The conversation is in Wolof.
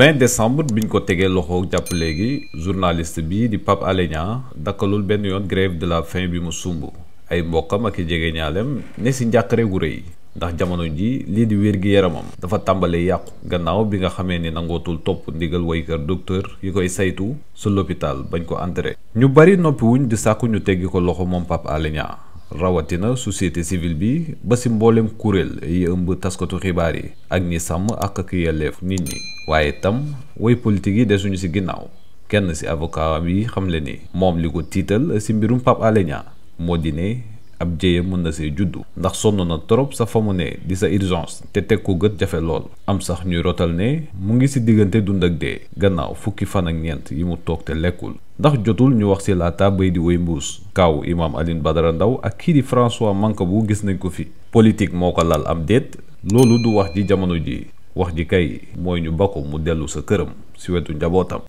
20 bi ñu ko tegee loxo jàpp léegi journaliste bi di Pape Alé dakkalul benn yoon grève de la faim bi mu sumb ay mbokkam ak i jege ñaalem ne si njàqare gu rëy ndax jamono ji lii di wér gi yaramam dafa tàmbalee yàqu gannaaw bi nga xamee ni nangootul topp ndigal waykër docteur yi koy saytu su l'hôpital bañ ko enterré ñu bari noppi wuñ di sàkku teggi ko loxo moom Pape Alé rawatina société civile bi ba ci mboolem kuréel yi ëmb taskatu xibaar yi ak ñi sàmm ak ak yelleef nit ñi waaye tam woy politique yi desuñu ci ginnaaw kenn ci avocat am yi xamle ni moom li ko tiital ci mbirum Pape Alé moo di ne ab jéye mën na see juddu ndax sonn na trop sa fa ne di sa urgence te teg ko gët jafe lool am sax ñuy rotal ne mu ngi si diggante dund ak dee gannaaw fukki fan ak ñeent yi mu toog te lekkul ndax jotul ñu wax si laata bay di woy mbuus kaaw imaam ba dara ndaw ak kii di François Mancabou gis nañ ko fi politique moo ko lal am déet loolu du wax ji jamono ji wax ji kay mooy ñu bako mu dellu sa këram si wetu njabootam